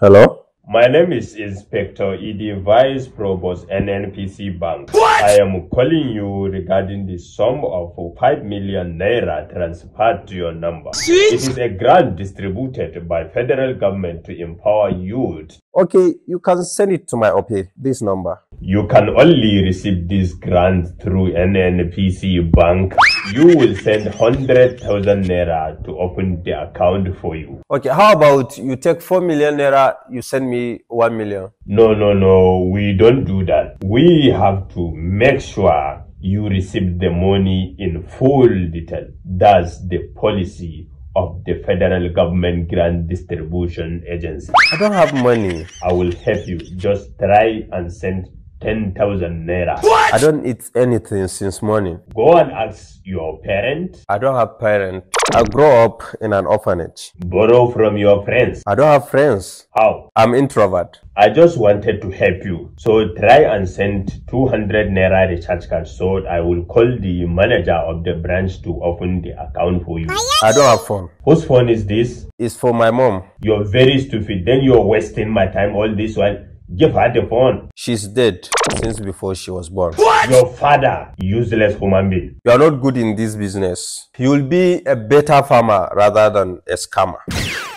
Hello? My name is Inspector ED Vice Provost NNPC Bank. What? I am calling you regarding the sum of 5 million naira transferred to your number. Sweet. It is a grant distributed by federal government to empower youth. Okay, you can send it to my OP, this number. You can only receive this grant through NNPC Bank you will send 100,000 naira to open the account for you. Okay, how about you take 4 million naira, you send me 1 million? No, no, no, we don't do that. We have to make sure you receive the money in full detail. That's the policy of the federal government grant distribution agency. I don't have money. I will help you. Just try and send 10,000 naira. What? I don't eat anything since morning. Go and ask your parent. I don't have parent. I grow up in an orphanage. Borrow from your friends. I don't have friends. How? I'm introvert. I just wanted to help you. So try and send 200 naira recharge card so I will call the manager of the branch to open the account for you. I don't have phone. Whose phone is this? It's for my mom. You're very stupid. Then you're wasting my time all this while Give her the phone. She's dead since before she was born. What? Your father, useless human being. You are not good in this business. You'll be a better farmer rather than a scammer.